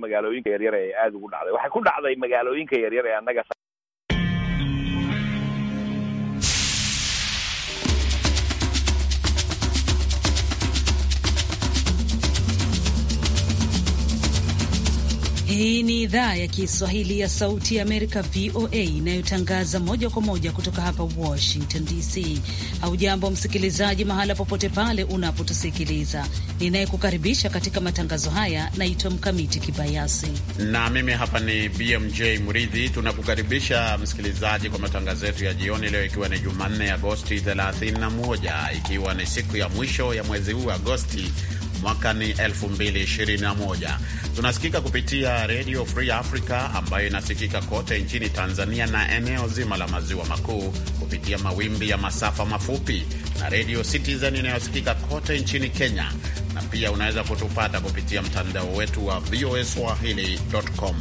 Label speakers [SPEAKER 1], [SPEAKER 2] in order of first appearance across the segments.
[SPEAKER 1] magaalooyinka yaryar ee aada ugu dhacday waxay ku dhacday magaalooyinka yaryar ee annaga
[SPEAKER 2] Hii ni idhaa ya Kiswahili ya Sauti ya Amerika, VOA, inayotangaza moja kwa moja kutoka hapa Washington DC. Haujambo msikilizaji, mahala popote pale unapotusikiliza. Ninayekukaribisha katika matangazo haya naitwa Mkamiti Kibayasi
[SPEAKER 3] na mimi hapa ni BMJ Mridhi. Tunakukaribisha msikilizaji kwa matangazo yetu ya jioni leo, ikiwa ni Jumanne, Agosti 31 ikiwa ni siku ya mwisho ya mwezi huu Agosti mwaka ni 2021. Tunasikika kupitia Radio Free Africa ambayo inasikika kote nchini Tanzania na eneo zima la maziwa makuu kupitia mawimbi ya masafa mafupi na Radio Citizen inayosikika kote nchini Kenya, na pia unaweza kutupata kupitia mtandao wetu wa voaswahili.com.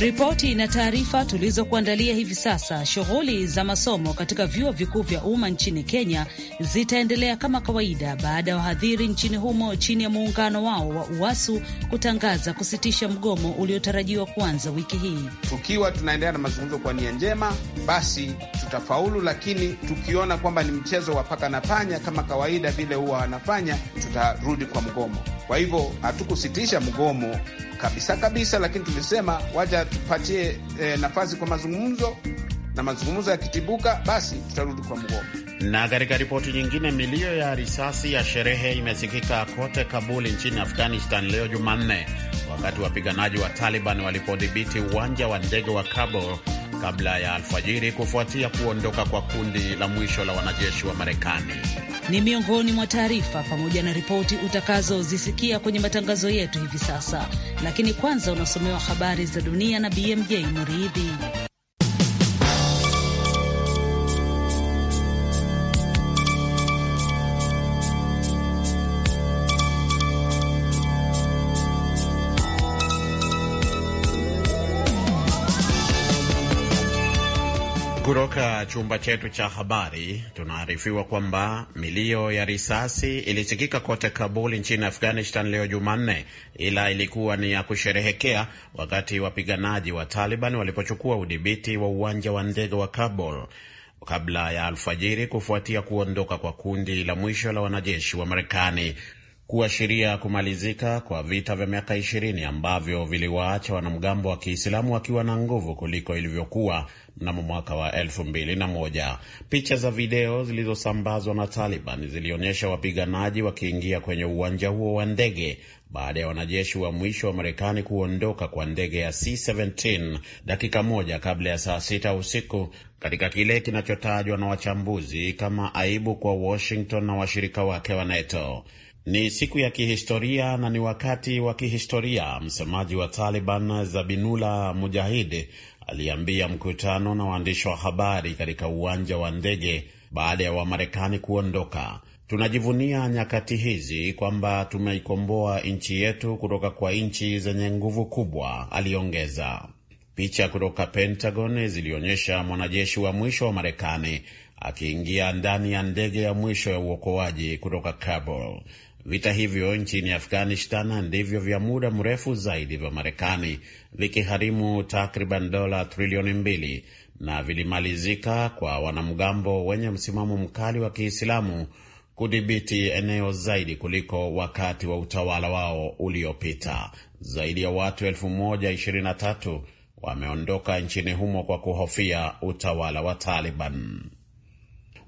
[SPEAKER 2] Ripoti na taarifa tulizokuandalia hivi sasa. Shughuli za masomo katika vyuo vikuu vya umma nchini Kenya zitaendelea kama kawaida baada ya wahadhiri nchini humo chini ya muungano wao wa UWASU kutangaza kusitisha mgomo uliotarajiwa kuanza wiki hii.
[SPEAKER 4] Tukiwa tunaendelea na mazungumzo kwa nia njema, basi tutafaulu, lakini tukiona kwamba ni mchezo wa paka na panya kama kawaida vile huwa wanafanya, tutarudi kwa mgomo. Kwa hivyo hatukusitisha mgomo kabisa kabisa, lakini tulisema waja tupatie e, nafasi kwa mazungumzo na mazungumzo yakitibuka basi tutarudi kwa mgomo.
[SPEAKER 3] Na katika ripoti nyingine, milio ya risasi ya sherehe imesikika kote kabuli nchini Afghanistan leo Jumanne, wakati wapiganaji wa Taliban walipodhibiti uwanja wa ndege wa Kabul kabla ya alfajiri kufuatia kuondoka kwa kundi la mwisho la wanajeshi wa Marekani.
[SPEAKER 2] Ni miongoni mwa taarifa pamoja na ripoti utakazozisikia kwenye matangazo yetu hivi sasa, lakini kwanza unasomewa habari za dunia na BMJ Muridhi.
[SPEAKER 3] chumba chetu cha habari tunaarifiwa kwamba milio ya risasi ilisikika kote Kabul nchini Afghanistan leo Jumanne, ila ilikuwa ni ya kusherehekea wakati wapiganaji wa Taliban walipochukua udhibiti wa uwanja wa ndege wa Kabul kabla ya alfajiri, kufuatia kuondoka kwa kundi la mwisho la wanajeshi wa Marekani kuashiria kumalizika kwa vita vya miaka ishirini ambavyo viliwaacha wanamgambo wa Kiislamu wakiwa na nguvu kuliko ilivyokuwa mnamo mwaka wa elfu mbili na moja. Picha za video zilizosambazwa na Taliban zilionyesha wapiganaji wakiingia kwenye uwanja huo wa ndege baada ya wanajeshi wa mwisho wa Marekani kuondoka kwa ndege ya C-17 dakika moja kabla ya saa sita usiku katika kile kinachotajwa na wachambuzi kama aibu kwa Washington na washirika wake wa NATO. Ni siku ya kihistoria na ni wakati wa kihistoria, msemaji wa Taliban zabinula Mujahid aliambia mkutano na waandishi wa habari katika uwanja wa ndege baada ya Wamarekani kuondoka. Tunajivunia nyakati hizi kwamba tumeikomboa nchi yetu kutoka kwa nchi zenye nguvu kubwa, aliongeza. Picha kutoka Pentagon zilionyesha mwanajeshi wa mwisho wa Marekani akiingia ndani ya ndege ya mwisho ya uokoaji kutoka Kabul. Vita hivyo nchini Afghanistan ndivyo vya muda mrefu zaidi vya Marekani, vikiharimu takriban dola trilioni mbili na vilimalizika kwa wanamgambo wenye msimamo mkali wa Kiislamu kudhibiti eneo zaidi kuliko wakati wa utawala wao uliopita. Zaidi ya watu elfu moja ishirini na tatu wameondoka nchini humo kwa kuhofia utawala wa Taliban.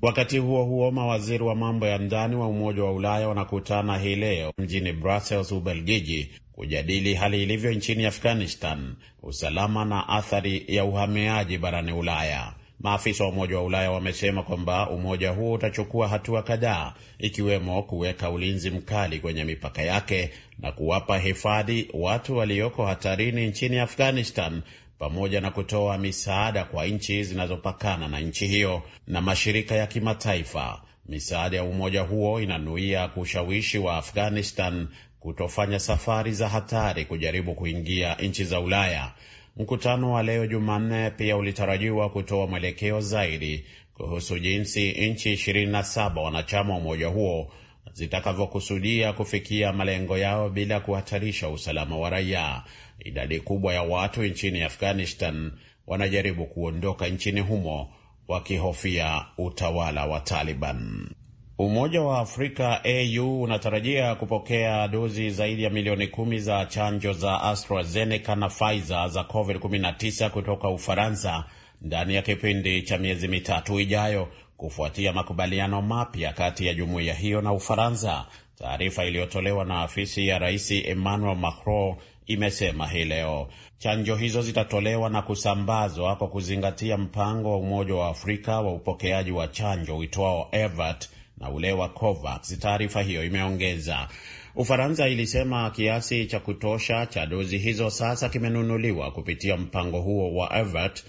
[SPEAKER 3] Wakati huo huo, mawaziri wa mambo ya ndani wa Umoja wa Ulaya wanakutana hii leo mjini Brussels, Ubelgiji, kujadili hali ilivyo nchini Afghanistan, usalama na athari ya uhamiaji barani Ulaya. Maafisa wa Umoja wa Ulaya wamesema kwamba umoja huo utachukua hatua kadhaa, ikiwemo kuweka ulinzi mkali kwenye mipaka yake na kuwapa hifadhi watu walioko hatarini nchini Afghanistan pamoja na kutoa misaada kwa nchi zinazopakana na nchi hiyo na mashirika ya kimataifa. Misaada ya umoja huo inanuia kushawishi wa Afghanistan kutofanya safari za hatari kujaribu kuingia nchi za Ulaya. Mkutano wa leo Jumanne pia ulitarajiwa kutoa mwelekeo zaidi kuhusu jinsi nchi 27 wanachama wa umoja huo zitakavyokusudia kufikia malengo yao bila kuhatarisha usalama wa raia idadi kubwa ya watu nchini Afghanistan wanajaribu kuondoka nchini humo wakihofia utawala wa Taliban. Umoja wa Afrika AU unatarajia kupokea dozi zaidi ya milioni kumi za chanjo za AstraZeneca na Pfizer za COVID-19 kutoka Ufaransa ndani ya kipindi cha miezi mitatu ijayo kufuatia makubaliano mapya kati ya jumuiya hiyo na Ufaransa. Taarifa iliyotolewa na afisi ya Rais Emmanuel Macron imesema hii leo. Chanjo hizo zitatolewa na kusambazwa kwa kuzingatia mpango wa Umoja wa Afrika wa upokeaji wa chanjo uitwao EVAT na ule wa COVAX, taarifa hiyo imeongeza. Ufaransa ilisema kiasi cha kutosha cha dozi hizo sasa kimenunuliwa kupitia mpango huo wa EVAT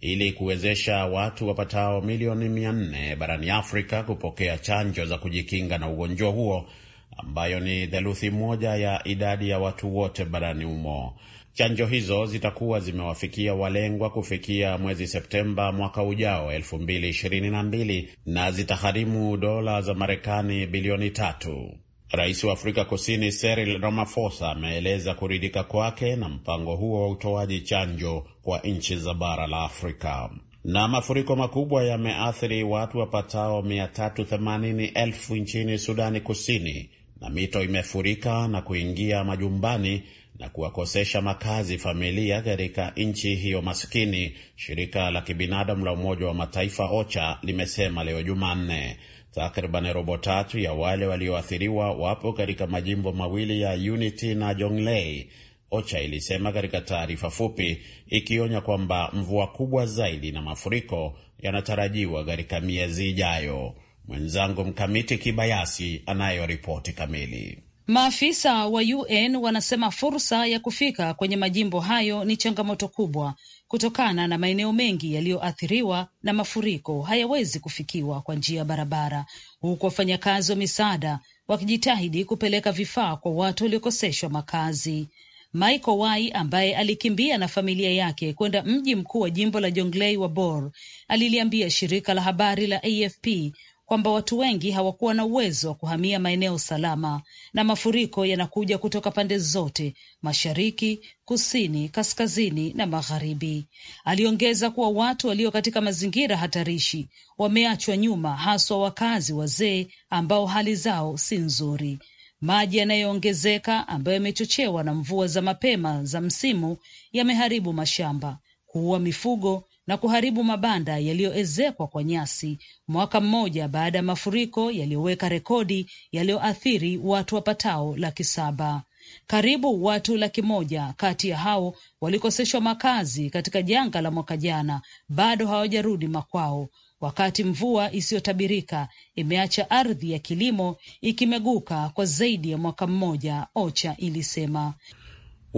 [SPEAKER 3] ili kuwezesha watu wapatao milioni mia nne barani Afrika kupokea chanjo za kujikinga na ugonjwa huo ambayo ni theluthi moja ya idadi ya watu wote barani humo. Chanjo hizo zitakuwa zimewafikia walengwa kufikia mwezi Septemba mwaka ujao 2022 na zitagharimu dola za Marekani bilioni tatu. Rais wa Afrika Kusini Cyril Ramaphosa ameeleza kuridhika kwake na mpango huo wa utoaji chanjo kwa nchi za bara la Afrika. Na mafuriko makubwa yameathiri watu wapatao 380,000 nchini Sudani Kusini na mito imefurika na kuingia majumbani na kuwakosesha makazi familia katika nchi hiyo maskini, shirika la kibinadamu la Umoja wa Mataifa OCHA limesema leo Jumanne. Takriban robo tatu ya wale walioathiriwa wapo katika majimbo mawili ya Unity na Jonglei, OCHA ilisema katika taarifa fupi, ikionya kwamba mvua kubwa zaidi na mafuriko yanatarajiwa katika miezi ijayo. Mwenzangu Mkamiti Kibayasi anayo ripoti kamili.
[SPEAKER 2] Maafisa wa UN wanasema fursa ya kufika kwenye majimbo hayo ni changamoto kubwa kutokana na maeneo mengi yaliyoathiriwa na mafuriko hayawezi kufikiwa kwa njia ya barabara, huku wafanyakazi wa misaada wakijitahidi kupeleka vifaa kwa watu waliokoseshwa makazi. Michael Wai ambaye alikimbia na familia yake kwenda mji mkuu wa jimbo la Jonglei wa Bor aliliambia shirika la habari la AFP kwamba watu wengi hawakuwa na uwezo wa kuhamia maeneo salama, na mafuriko yanakuja kutoka pande zote, mashariki, kusini, kaskazini na magharibi. Aliongeza kuwa watu walio katika mazingira hatarishi wameachwa nyuma, haswa wakazi wazee ambao hali zao si nzuri. Maji yanayoongezeka ambayo yamechochewa na mvua za mapema za msimu yameharibu mashamba, kuua mifugo na kuharibu mabanda yaliyoezekwa kwa nyasi mwaka mmoja baada ya mafuriko yaliyoweka rekodi yaliyoathiri watu wapatao laki saba. Karibu watu laki moja kati ya hao walikoseshwa makazi katika janga la mwaka jana bado hawajarudi makwao, wakati mvua isiyotabirika imeacha ardhi ya kilimo ikimeguka kwa zaidi ya mwaka mmoja, OCHA ilisema.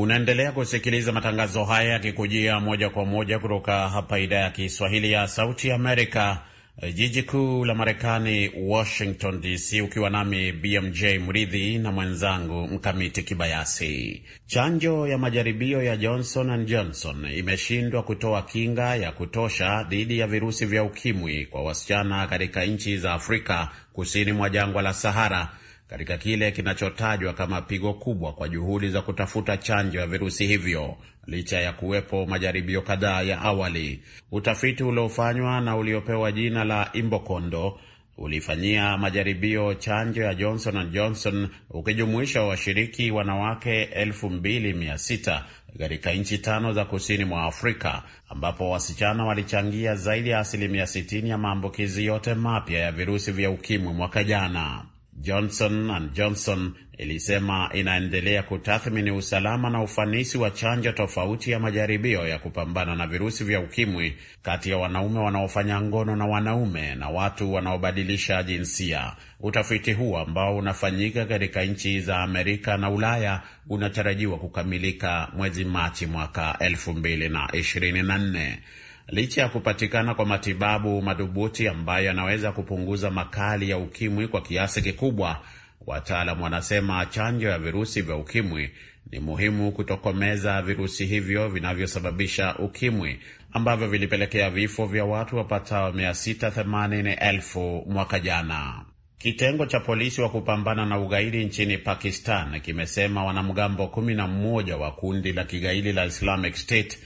[SPEAKER 3] Unaendelea kusikiliza matangazo haya yakikujia moja kwa moja kutoka hapa idhaa ya Kiswahili ya Sauti Amerika, jiji kuu la Marekani, Washington DC, ukiwa nami BMJ Mridhi na mwenzangu Mkamiti Kibayasi. Chanjo ya majaribio ya Johnson and Johnson imeshindwa kutoa kinga ya kutosha dhidi ya virusi vya ukimwi kwa wasichana katika nchi za Afrika kusini mwa jangwa la Sahara katika kile kinachotajwa kama pigo kubwa kwa juhudi za kutafuta chanjo ya virusi hivyo licha ya kuwepo majaribio kadhaa ya awali. Utafiti uliofanywa na uliopewa jina la Imbokondo ulifanyia majaribio chanjo ya Johnson and Johnson ukijumuisha washiriki wanawake 2600 katika nchi tano za kusini mwa Afrika ambapo wasichana walichangia zaidi ya asilimia 60 ya maambukizi yote mapya ya virusi vya ukimwi mwaka jana. Johnson and Johnson ilisema inaendelea kutathmini usalama na ufanisi wa chanjo tofauti ya majaribio ya kupambana na virusi vya ukimwi kati ya wanaume wanaofanya ngono na wanaume na watu wanaobadilisha jinsia. Utafiti huu ambao unafanyika katika nchi za Amerika na Ulaya unatarajiwa kukamilika mwezi Machi mwaka 224 Licha ya kupatikana kwa matibabu madhubuti ambayo yanaweza kupunguza makali ya ukimwi kwa kiasi kikubwa, wataalamu wanasema chanjo ya virusi vya ukimwi ni muhimu kutokomeza virusi hivyo vinavyosababisha ukimwi ambavyo vilipelekea vifo vya watu wapatao 680,000 mwaka jana. Kitengo cha polisi wa kupambana na ugaidi nchini Pakistan kimesema wanamgambo 11 wa kundi la kigaidi la Islamic State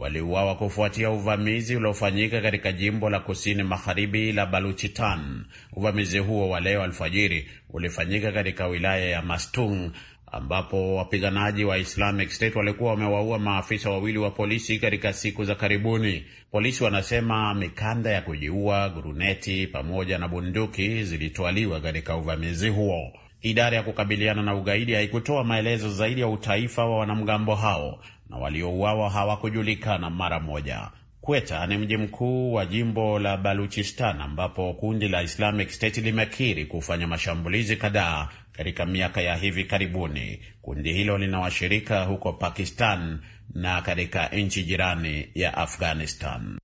[SPEAKER 3] waliuawa kufuatia uvamizi uliofanyika katika jimbo la kusini magharibi la Baluchistan. Uvamizi huo wa leo alfajiri ulifanyika katika wilaya ya Mastung ambapo wapiganaji wa Islamic State walikuwa wamewaua maafisa wawili wa polisi katika siku za karibuni. Polisi wanasema mikanda ya kujiua, guruneti pamoja na bunduki zilitwaliwa katika uvamizi huo. Idara ya kukabiliana na ugaidi haikutoa maelezo zaidi ya utaifa wa wanamgambo hao na waliouawa hawakujulikana mara moja. Kweta ni mji mkuu wa jimbo la Baluchistan ambapo kundi la Islamic State limekiri kufanya mashambulizi kadhaa katika miaka ya hivi karibuni. Kundi hilo linawashirika huko Pakistan na katika nchi jirani ya Afghanistan.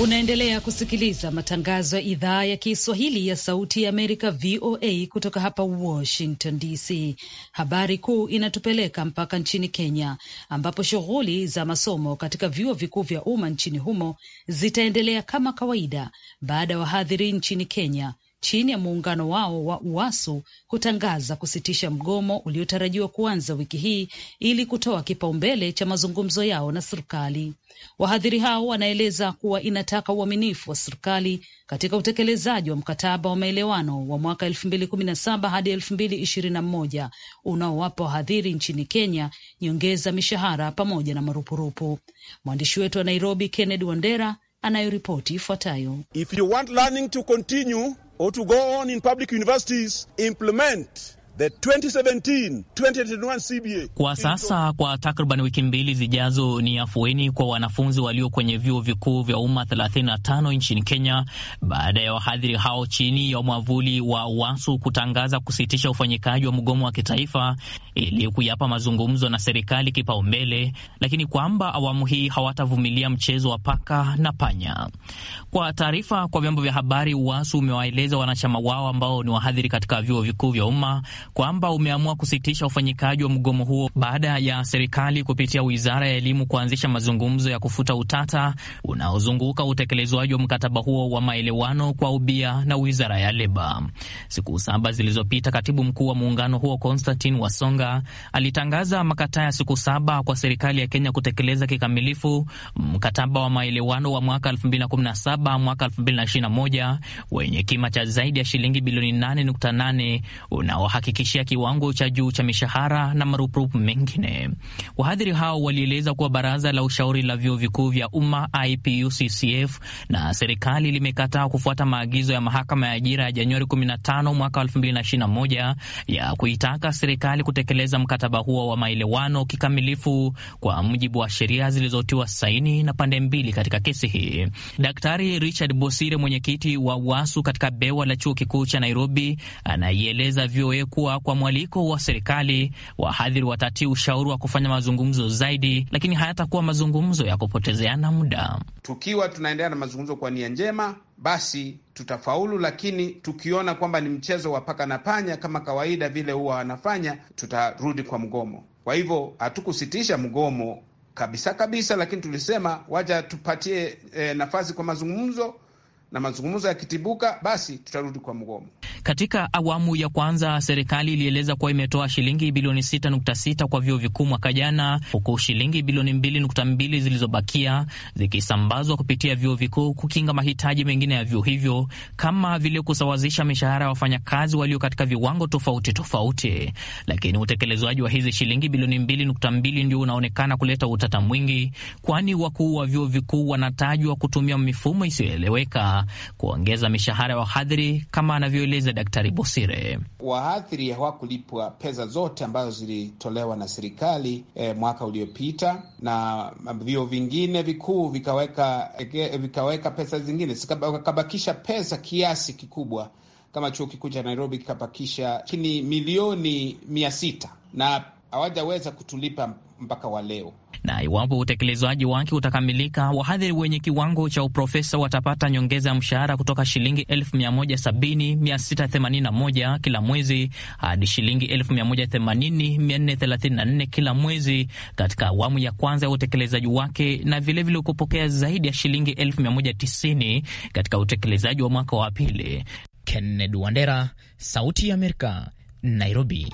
[SPEAKER 2] Unaendelea kusikiliza matangazo ya idhaa ya Kiswahili ya Sauti ya Amerika, VOA, kutoka hapa Washington DC. Habari kuu inatupeleka mpaka nchini Kenya, ambapo shughuli za masomo katika vyuo vikuu vya umma nchini humo zitaendelea kama kawaida baada ya wahadhiri nchini Kenya chini ya muungano wao wa UWASU kutangaza kusitisha mgomo uliotarajiwa kuanza wiki hii ili kutoa kipaumbele cha mazungumzo yao na serikali. Wahadhiri hao wanaeleza kuwa inataka uaminifu wa serikali katika utekelezaji wa mkataba wa maelewano wa mwaka 2017 hadi 2021 unaowapa wahadhiri nchini Kenya nyongeza mishahara pamoja na marupurupu. Mwandishi wetu wa Nairobi Kennedy Wandera anayoripoti ifuatayo.
[SPEAKER 4] If you want learning to continue or to go on in public universities, implement The 2017, 2021 CBA. Kwa
[SPEAKER 5] sasa kwa takriban wiki mbili zijazo ni afueni kwa wanafunzi walio kwenye vyuo vikuu vya umma 35 nchini Kenya baada ya wahadhiri hao chini ya mwavuli wa wasu kutangaza kusitisha ufanyikaji wa mgomo wa kitaifa ili kuyapa mazungumzo na serikali kipaumbele, lakini kwamba awamu hii hawatavumilia mchezo wa paka na panya. Kwa taarifa kwa vyombo vya habari, wasu umewaeleza wanachama wao ambao ni wahadhiri katika vyuo vikuu vya umma kwamba umeamua kusitisha ufanyikaji wa mgomo huo baada ya serikali kupitia wizara ya elimu kuanzisha mazungumzo ya kufuta utata unaozunguka utekelezwaji wa mkataba huo wa maelewano kwa ubia na wizara ya leba. Siku saba zilizopita, katibu mkuu wa muungano huo Constantine Wasonga alitangaza makataa ya siku saba kwa serikali ya Kenya kutekeleza kikamilifu mkataba wa maelewano wa mwaka 2017 mwaka 2021 wenye kima cha zaidi ya shilingi bilioni 8.8 unaohakikisha kuhakikishia kiwango cha juu cha mishahara na marupurupu mengine. Wahadhiri hao walieleza kuwa baraza la ushauri la vyuo vikuu vya umma IPUCCF na serikali limekataa kufuata maagizo ya mahakama ya ajira ya Januari 15 mwaka 2021 ya kuitaka serikali kutekeleza mkataba huo wa maelewano kikamilifu kwa mujibu wa sheria zilizotiwa saini na pande mbili katika kesi hii. Daktari Richard Bosire, mwenyekiti wa WASU katika bewa la chuo kikuu cha Nairobi, anaieleza VOA kuwa kwa mwaliko wa serikali, wahadhiri watatii ushauri wa kufanya mazungumzo zaidi, lakini hayatakuwa mazungumzo ya kupotezeana muda.
[SPEAKER 4] Tukiwa tunaendelea na mazungumzo kwa nia njema, basi tutafaulu, lakini tukiona kwamba ni mchezo wa paka na panya kama kawaida vile huwa wanafanya, tutarudi kwa mgomo. Kwa hivyo hatukusitisha mgomo kabisa kabisa, lakini tulisema waja tupatie e, nafasi kwa mazungumzo na mazungumzo yakitibuka, basi tutarudi kwa mgomo.
[SPEAKER 5] Katika awamu ya kwanza, serikali ilieleza kuwa imetoa shilingi bilioni 6.6 kwa vyuo vikuu mwaka jana, huku shilingi bilioni 2.2 zilizobakia zikisambazwa kupitia vyuo vikuu kukinga mahitaji mengine ya vyuo hivyo kama vile kusawazisha mishahara ya wafanyakazi walio katika viwango tofauti tofauti. Lakini utekelezwaji wa hizi shilingi bilioni 2.2 ndio unaonekana kuleta utata mwingi, kwani wakuu wa vyuo vikuu wanatajwa kutumia mifumo isiyoeleweka kuongeza mishahara ya wahadhiri kama anavyoeleza Daktari Bosire.
[SPEAKER 4] Wahadhiri hawakulipwa pesa zote ambazo zilitolewa na serikali eh, mwaka uliopita, na vyuo vingine vikuu vikaweka, eh, vikaweka pesa zingine, zikabakisha pesa kiasi kikubwa kama chuo kikuu cha Nairobi kikapakisha chini milioni mia sita na hawajaweza kutulipa mpaka wa leo.
[SPEAKER 5] Na iwapo utekelezaji wake utakamilika, wahadhiri wenye kiwango cha uprofesa watapata nyongeza ya mshahara kutoka shilingi 170681 kila mwezi hadi shilingi 180434 kila mwezi katika awamu ya kwanza ya utekelezaji wake, na vilevile kupokea zaidi ya shilingi 190 katika utekelezaji wa mwaka wa pili. Kennedy Wandera, Sauti ya Amerika, Nairobi.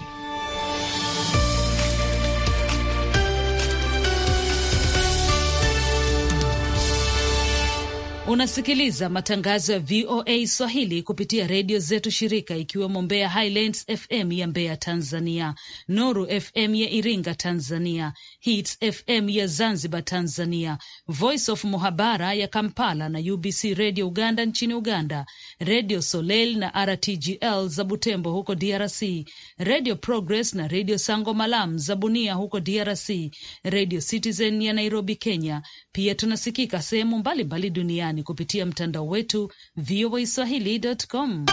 [SPEAKER 2] Unasikiliza matangazo ya VOA Swahili kupitia redio zetu shirika, ikiwemo Mbeya Highlands FM ya Mbeya Tanzania, Noru FM ya Iringa Tanzania, Hits FM ya Zanzibar Tanzania, Voice of Muhabara ya Kampala na UBC Radio Uganda nchini Uganda, Radio Soleil na RTGL za Butembo huko DRC, Radio Progress na Radio Sango Malam za Bunia huko DRC, Radio Citizen ya Nairobi, Kenya. Pia tunasikika sehemu mbalimbali duniani kupitia mtandao wetu voa voaswahili.com.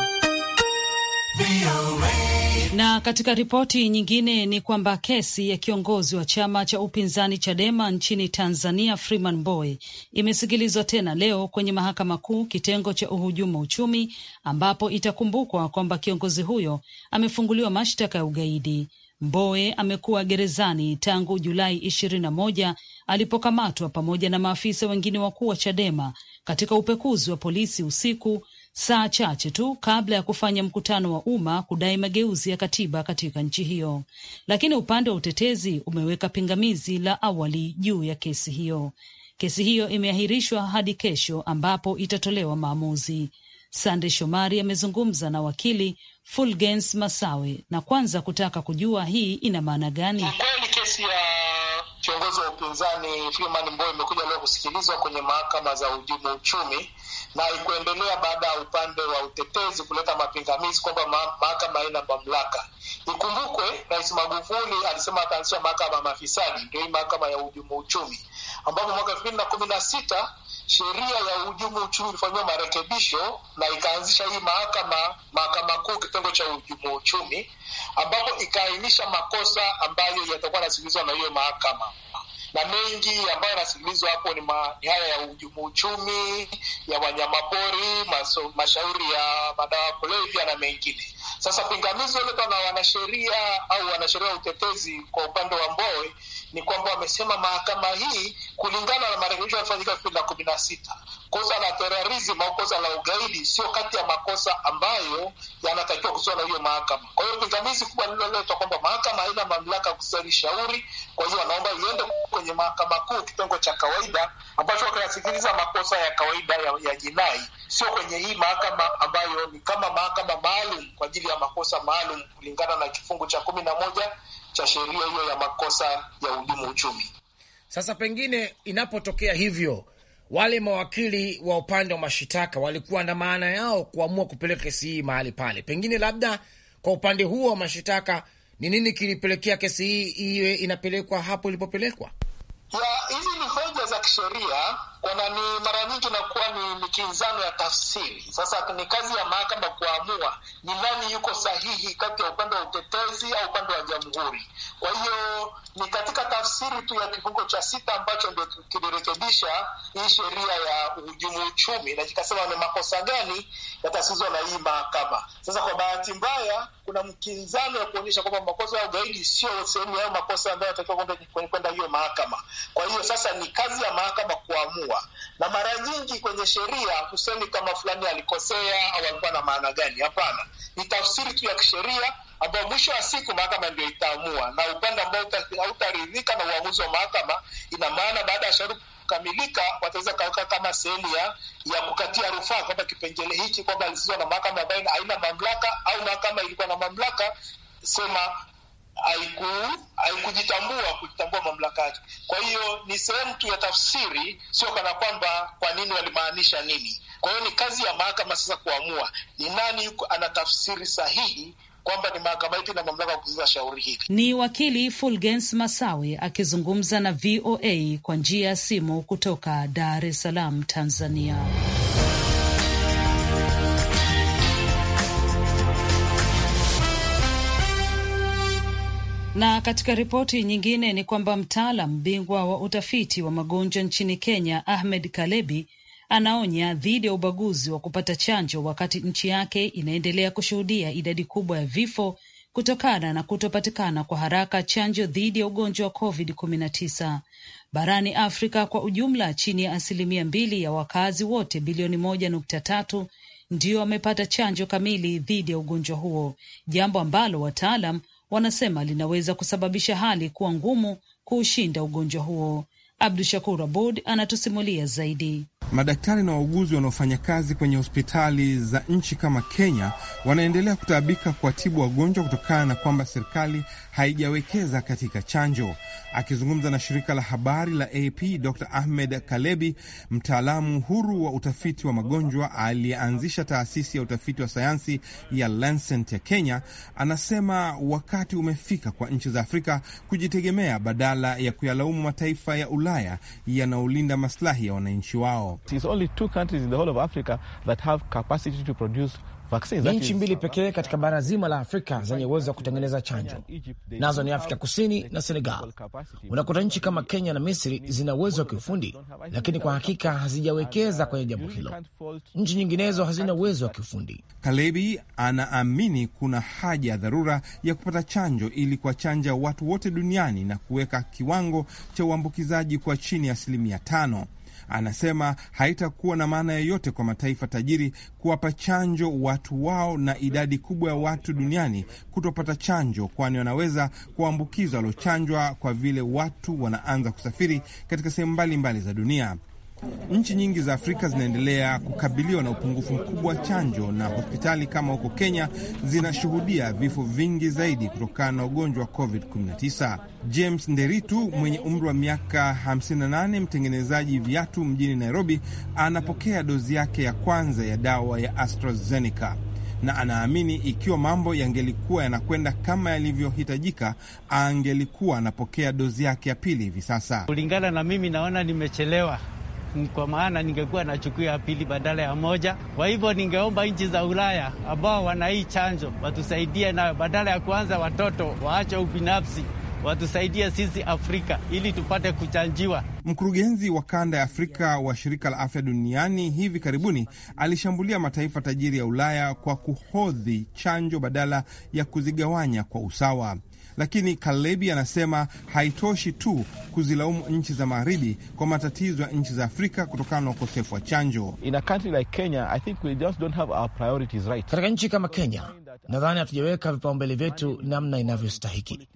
[SPEAKER 2] Na katika ripoti nyingine ni kwamba kesi ya kiongozi wa chama cha upinzani Chadema nchini Tanzania Freeman Boy, imesikilizwa tena leo kwenye mahakama kuu kitengo cha uhujumu uchumi, ambapo itakumbukwa kwamba kiongozi huyo amefunguliwa mashtaka ya ugaidi. mboe amekuwa gerezani tangu Julai ishirini na moja alipokamatwa pamoja na maafisa wengine wakuu wa Chadema katika upekuzi wa polisi usiku saa chache tu kabla ya kufanya mkutano wa umma kudai mageuzi ya katiba katika nchi hiyo, lakini upande wa utetezi umeweka pingamizi la awali juu ya kesi hiyo. Kesi hiyo imeahirishwa hadi kesho ambapo itatolewa maamuzi. Sande Shomari amezungumza na wakili Fulgens Masawe na kwanza kutaka kujua hii ina maana gani.
[SPEAKER 1] Kweli kesi ya kiongozi wa upinzani Freeman Mbowe imekuja leo kusikilizwa kwenye mahakama za uhujumu uchumi na haikuendelea baada ya upande wa utetezi kuleta mapingamizi kwamba mahakama haina mamlaka. Ikumbukwe Rais Magufuli alisema ataanzisha mahakama ya mafisadi, ndio hii mahakama ya uhujumu uchumi, ambapo mwaka elfu mbili na kumi na sita sheria ya uhujumu uchumi ilifanyiwa marekebisho na ikaanzisha hii mahakama, mahakama kuu kitengo cha uhujumu uchumi, ambapo ikaainisha makosa ambayo yatakuwa yanasikilizwa na hiyo mahakama na mengi ambayo yanasikilizwa hapo ni, ma, ni haya ya uhujumu uchumi, ya wanyamapori, mashauri ya madawa kulevya na mengine. Sasa pingamizi huletwa na wanasheria au wanasheria wa utetezi kwa upande wa mboe ni kwamba wamesema mahakama hii kulingana na marekebisho yalifanyika elfu mbili na kumi na sita kosa la terorism au kosa la ugaidi sio kati ya makosa ambayo yanatakiwa kusiwa na hiyo mahakama. Kwa hiyo pingamizi kubwa lililoletwa kwamba mahakama haina mamlaka kusaini shauri, kwa hiyo wanaomba iende kwenye mahakama kuu, kitengo cha kawaida ambacho wakayasikiliza makosa ya kawaida ya, ya jinai, sio kwenye hii mahakama ambayo ni kama mahakama maalum kwa ajili ya makosa maalum kulingana na kifungu cha kumi na moja cha sheria hiyo ya makosa ya hujumu uchumi. Sasa pengine inapotokea hivyo, wale mawakili wa upande wa mashitaka walikuwa na maana yao kuamua kupeleka kesi hii mahali pale, pengine labda kwa upande huo wa mashitaka ni nini kilipelekea kesi hii iwe inapelekwa hapo ilipopelekwa? Hizi ni hoja za kisheria na ni mara nyingi inakuwa ni mikinzano ya tafsiri. Sasa ni kazi ya mahakama kuamua ni nani yuko sahihi kati ya upande wa utetezi au upande wa jamhuri. Kwa hiyo ni katika tafsiri tu ya kifungo cha sita ambacho ndio kilirekebisha hii sheria ya uhujumu uchumi na kikasema ni makosa gani yatasizwa na hii mahakama. Sasa kwa bahati mbaya, kuna mkinzano ya kuonyesha kwamba makosa ya ugaidi sio sehemu ya makosa ambayo yatakiwa kwenda hiyo mahakama. Kwa hiyo sasa ni kazi ya mahakama kuamua kuelewa, na mara nyingi kwenye sheria husemi kama fulani alikosea au alikuwa na maana gani. Hapana, ni tafsiri tu ya kisheria ambayo mwisho wa siku mahakama ndio itaamua, na upande ambao hautaridhika na uamuzi wa mahakama, ina maana baada ya shauri kukamilika wataweza kaweka kama sehemu ya ya kukatia rufaa kwamba kipengele hichi kwamba alizizwa na mahakama ambayo haina mamlaka au mahakama ilikuwa na mamlaka, sema haiku haikujitambua kujitambua mamlaka yake. Kwa hiyo ni sehemu tu ya tafsiri, sio kana kwamba kwa nini walimaanisha nini. Kwa hiyo ni kazi ya mahakama sasa kuamua ni nani ana tafsiri sahihi kwamba ni mahakama ipi na mamlaka ya kuzuza shauri hili.
[SPEAKER 2] Ni wakili Fulgens Masawe akizungumza na VOA kwa njia ya simu kutoka Dar es Salaam, Tanzania. Na katika ripoti nyingine ni kwamba mtaalam bingwa wa utafiti wa magonjwa nchini Kenya Ahmed Kalebi anaonya dhidi ya ubaguzi wa kupata chanjo wakati nchi yake inaendelea kushuhudia idadi kubwa ya vifo kutokana na kutopatikana kwa haraka chanjo dhidi ya ugonjwa wa COVID-19 barani Afrika kwa ujumla. Chini ya asilimia mbili ya wakazi wote bilioni moja nukta tatu ndio wamepata chanjo kamili dhidi ya ugonjwa huo, jambo ambalo wataalam wanasema linaweza kusababisha hali kuwa ngumu kuushinda ugonjwa huo. Abdu Shakur Abud anatusimulia zaidi.
[SPEAKER 6] Madaktari na wauguzi wanaofanya kazi kwenye hospitali za nchi kama Kenya wanaendelea kutaabika kuwatibu wagonjwa kutokana na kwamba serikali haijawekeza katika chanjo. Akizungumza na shirika la habari la AP, Dr Ahmed Kalebi, mtaalamu huru wa utafiti wa magonjwa aliyeanzisha taasisi ya utafiti wa sayansi ya Lancet ya Kenya, anasema wakati umefika kwa nchi za Afrika kujitegemea badala ya kuyalaumu mataifa ya Ulaya Ulaya yanaolinda maslahi ya wananchi wao. Ni nchi
[SPEAKER 4] mbili
[SPEAKER 1] pekee katika bara zima la Afrika zenye uwezo wa kutengeneza chanjo, nazo
[SPEAKER 4] ni Afrika Kusini
[SPEAKER 1] na Senegal. Unakuta nchi kama Kenya na Misri zina uwezo wa kiufundi, lakini kwa hakika
[SPEAKER 6] hazijawekeza kwenye jambo hilo. Nchi nyinginezo hazina uwezo wa kiufundi. Kalebi anaamini kuna haja ya dharura ya kupata chanjo ili kuwachanja watu wote duniani na kuweka kiwango cha uambukizaji kwa chini ya asilimia tano. Anasema haitakuwa na maana yeyote kwa mataifa tajiri kuwapa chanjo watu wao na idadi kubwa ya watu duniani kutopata chanjo, kwani wanaweza kuambukiza waliochanjwa, kwa vile watu wanaanza kusafiri katika sehemu mbalimbali za dunia. Nchi nyingi za Afrika zinaendelea kukabiliwa na upungufu mkubwa wa chanjo, na hospitali kama huko Kenya zinashuhudia vifo vingi zaidi kutokana na ugonjwa wa COVID-19. James Nderitu mwenye umri wa miaka 58, mtengenezaji viatu mjini Nairobi, anapokea dozi yake ya kwanza ya dawa ya AstraZeneca na anaamini ikiwa mambo yangelikuwa yanakwenda kama yalivyohitajika, angelikuwa anapokea dozi yake ya pili hivi sasa.
[SPEAKER 3] Kulingana na mimi, naona nimechelewa kwa maana ningekuwa nachukua pili badala ya moja. Kwa hivyo ningeomba nchi za Ulaya ambao wana hii chanjo watusaidie nayo, badala ya kuanza watoto waache ubinafsi watusaidie sisi Afrika ili tupate kuchanjiwa.
[SPEAKER 6] Mkurugenzi wa kanda ya Afrika wa shirika la afya duniani hivi karibuni alishambulia mataifa tajiri ya Ulaya kwa kuhodhi chanjo badala ya kuzigawanya kwa usawa. Lakini Kalebi anasema haitoshi tu kuzilaumu nchi za magharibi kwa matatizo ya nchi za Afrika kutokana na ukosefu wa chanjo.
[SPEAKER 4] Katika nchi kama Kenya
[SPEAKER 1] nadhani hatujaweka vipaumbele vyetu namna inavyostahiki,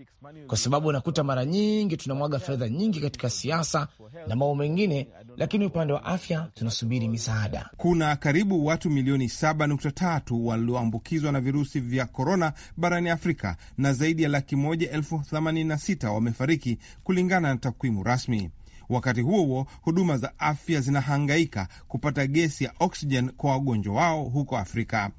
[SPEAKER 1] kwa sababu unakuta mara nyingi tunamwaga fedha nyingi katika siasa na mambo mengine, lakini upande wa afya tunasubiri misaada.
[SPEAKER 6] Kuna karibu watu milioni 7.3 walioambukizwa na virusi vya korona barani Afrika na zaidi ya laki moja elfu themanini na sita wamefariki kulingana na takwimu rasmi. Wakati huo huo, huduma za afya zinahangaika kupata gesi ya oksijeni kwa wagonjwa wao huko Afrika.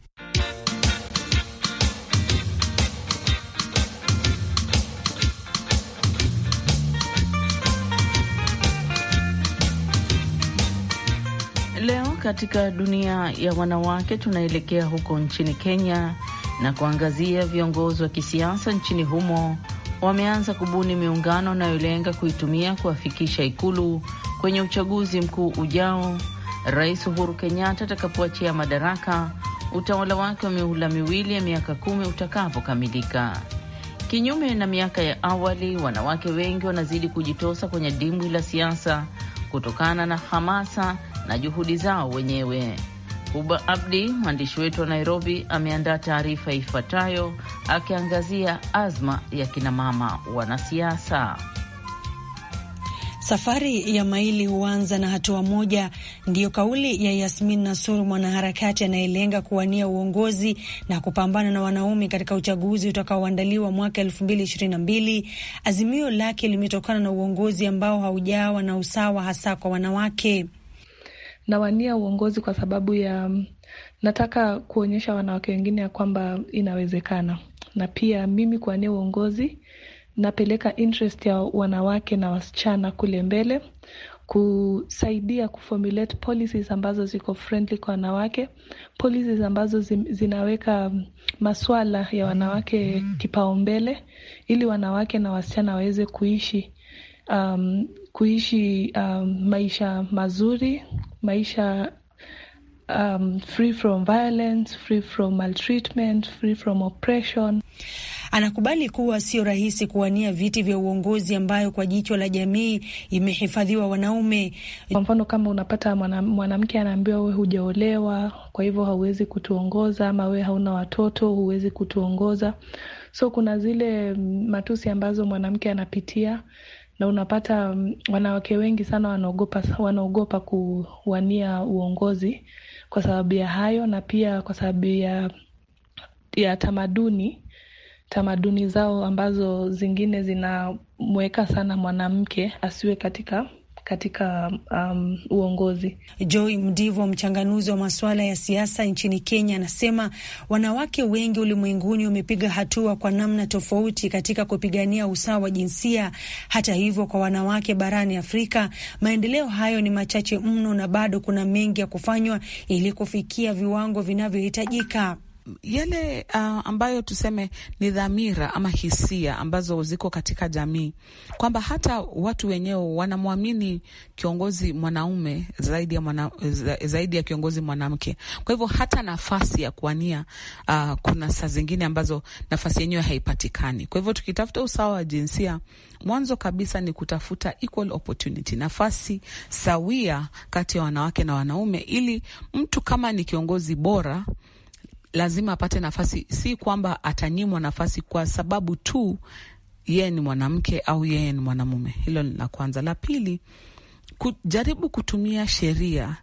[SPEAKER 7] katika dunia ya wanawake, tunaelekea huko nchini Kenya na kuangazia viongozi wa kisiasa nchini humo wameanza kubuni miungano inayolenga kuitumia kuwafikisha ikulu kwenye uchaguzi mkuu ujao, Rais Uhuru Kenyatta atakapoachia madaraka, utawala wake wa mihula miwili ya miaka kumi utakapokamilika. Kinyume na miaka ya awali, wanawake wengi wanazidi kujitosa kwenye dimbwi la siasa kutokana na hamasa na juhudi zao wenyewe. Huba Abdi, mwandishi wetu wa Nairobi, ameandaa taarifa ifuatayo akiangazia azma ya kinamama wanasiasa.
[SPEAKER 8] Safari ya maili huanza na hatua moja, ndiyo kauli ya Yasmin Nasur, mwanaharakati anayelenga kuwania uongozi na kupambana na wanaume katika uchaguzi utakaoandaliwa mwaka elfu mbili ishirini na mbili. Azimio lake limetokana na uongozi ambao haujawa na usawa, hasa kwa wanawake
[SPEAKER 9] nawania uongozi kwa sababu ya mm, nataka kuonyesha wanawake wengine ya kwamba inawezekana, na pia mimi kuwania uongozi napeleka interest ya wanawake na wasichana kule mbele, kusaidia kuformulate policies ambazo ziko friendly kwa wanawake, policies ambazo zinaweka mm, maswala ya wanawake mm-hmm. kipaumbele, ili wanawake na wasichana waweze kuishi um, kuishi um, maisha mazuri, maisha um, free from violence, free from maltreatment,
[SPEAKER 8] free from oppression. Anakubali kuwa sio rahisi kuwania viti vya uongozi ambayo kwa jicho la jamii imehifadhiwa wanaume. Kwa mfano, kama unapata
[SPEAKER 9] mwanamke anaambiwa, we hujaolewa, kwa hivyo hauwezi kutuongoza, ama we hauna watoto, huwezi kutuongoza. So kuna zile mm, matusi ambazo mwanamke anapitia na unapata mm, wanawake wengi sana wanaogopa wanaogopa kuwania uongozi kwa sababu ya hayo, na pia kwa sababu ya ya tamaduni tamaduni zao ambazo zingine zinamweka
[SPEAKER 8] sana mwanamke asiwe katika katika um, uongozi. Joy Mdivo, mchanganuzi wa masuala ya siasa nchini Kenya, anasema wanawake wengi ulimwenguni wamepiga hatua kwa namna tofauti katika kupigania usawa wa jinsia. Hata hivyo, kwa wanawake barani Afrika maendeleo hayo ni machache mno na bado kuna mengi ya kufanywa ili kufikia viwango vinavyohitajika yale
[SPEAKER 7] uh, ambayo tuseme ni dhamira ama hisia ambazo ziko katika jamii kwamba hata watu wenyewe wanamwamini kiongozi mwanaume zaidi ya, mwana, zaidi ya kiongozi mwanamke. Kwa hivyo hata nafasi ya kuwania uh, kuna saa zingine ambazo nafasi yenyewe haipatikani. Kwa hivyo tukitafuta usawa wa jinsia, mwanzo kabisa ni kutafuta equal opportunity, nafasi sawia kati ya wanawake na wanaume, ili mtu kama ni kiongozi bora lazima apate nafasi, si kwamba atanyimwa nafasi kwa sababu tu yeye ni mwanamke au yeye ni mwanamume. Hilo ni la kwanza. La pili, kujaribu kutumia sheria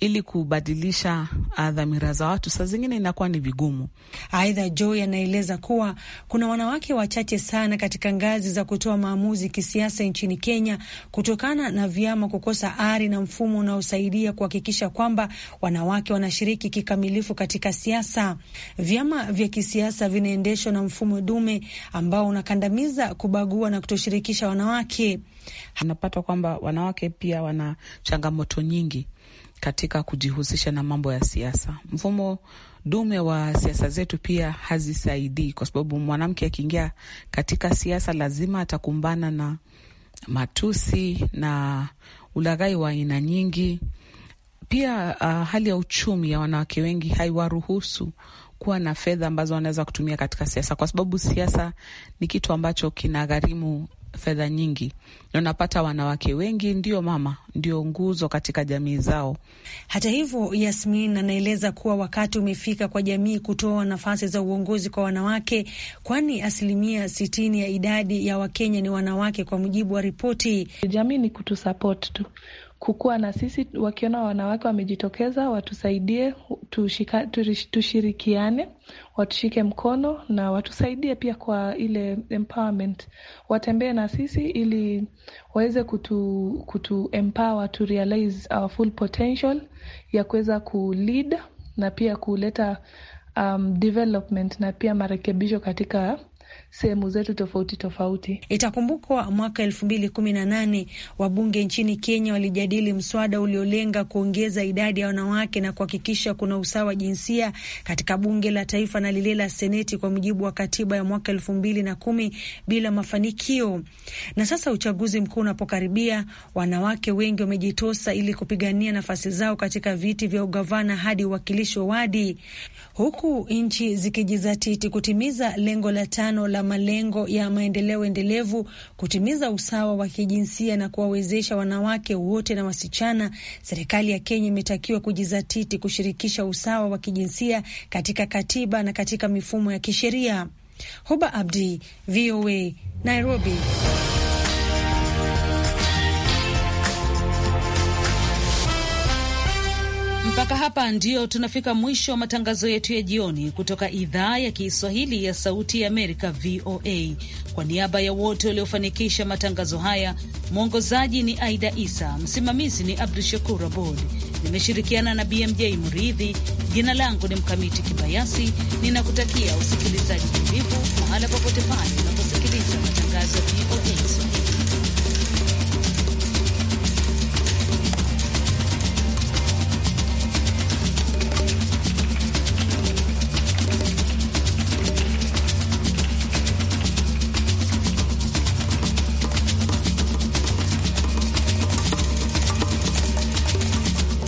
[SPEAKER 7] ili kubadilisha uh, dhamira za watu, saa zingine inakuwa ni vigumu.
[SPEAKER 8] Aidha, Joy anaeleza kuwa kuna wanawake wachache sana katika ngazi za kutoa maamuzi kisiasa nchini Kenya kutokana na vyama kukosa ari na mfumo unaosaidia kuhakikisha kwamba wanawake wanashiriki kikamilifu katika siasa. Vyama vya kisiasa vinaendeshwa na mfumo dume ambao unakandamiza, kubagua na kutoshirikisha wanawake. Anapata kwamba wanawake pia wana changamoto nyingi
[SPEAKER 7] katika kujihusisha na mambo ya siasa. Mfumo dume wa siasa zetu pia hazisaidii, kwa sababu mwanamke akiingia katika siasa lazima atakumbana na matusi na ulaghai wa aina nyingi. Pia uh, hali ya uchumi ya wanawake wengi haiwaruhusu kuwa na fedha ambazo wanaweza kutumia katika siasa, kwa sababu siasa ni kitu ambacho kinagharimu fedha nyingi, na unapata wanawake wengi ndio mama ndio nguzo katika jamii zao.
[SPEAKER 8] Hata hivyo, Yasmin anaeleza kuwa wakati umefika kwa jamii kutoa nafasi za uongozi kwa wanawake, kwani asilimia sitini ya idadi ya Wakenya ni wanawake, kwa mujibu wa ripoti. Jamii ni kutusapoti tu kukuwa na sisi, wakiona
[SPEAKER 9] wanawake wamejitokeza, watusaidie, tushika, tushirikiane, watushike mkono na watusaidie pia kwa ile empowerment, watembee na sisi ili waweze kutu, kutu empower to realize our full potential ya kuweza kulead na pia kuleta um, development
[SPEAKER 8] na pia marekebisho katika sehemu zetu tofauti tofauti. Itakumbukwa mwaka elfu mbili kumi na nane wabunge nchini Kenya walijadili mswada uliolenga kuongeza idadi ya wanawake na kuhakikisha kuna usawa jinsia katika bunge la taifa na lile la seneti kwa mujibu wa katiba ya mwaka elfu mbili na kumi bila mafanikio. Na sasa uchaguzi mkuu unapokaribia, wanawake wengi wamejitosa ili kupigania nafasi zao katika viti vya ugavana hadi uwakilishi wa wadi, huku nchi zikijizatiti kutimiza lengo la tano la malengo ya maendeleo endelevu, kutimiza usawa wa kijinsia na kuwawezesha wanawake wote na wasichana, serikali ya Kenya imetakiwa kujizatiti kushirikisha usawa wa kijinsia katika katiba na katika mifumo ya kisheria. Hoba Abdi, VOA, Nairobi.
[SPEAKER 2] Mpaka hapa ndio tunafika mwisho wa matangazo yetu ya jioni kutoka idhaa ya Kiswahili ya Sauti ya Amerika, VOA. Kwa niaba ya wote waliofanikisha matangazo haya, mwongozaji ni Aida Isa, msimamizi ni Abdu Shakur Abod, nimeshirikiana na BMJ Mridhi. Jina langu ni Mkamiti Kibayasi, ninakutakia usikilizaji tulivu mahala popote pale unaposikiliza matangazo ya VOA.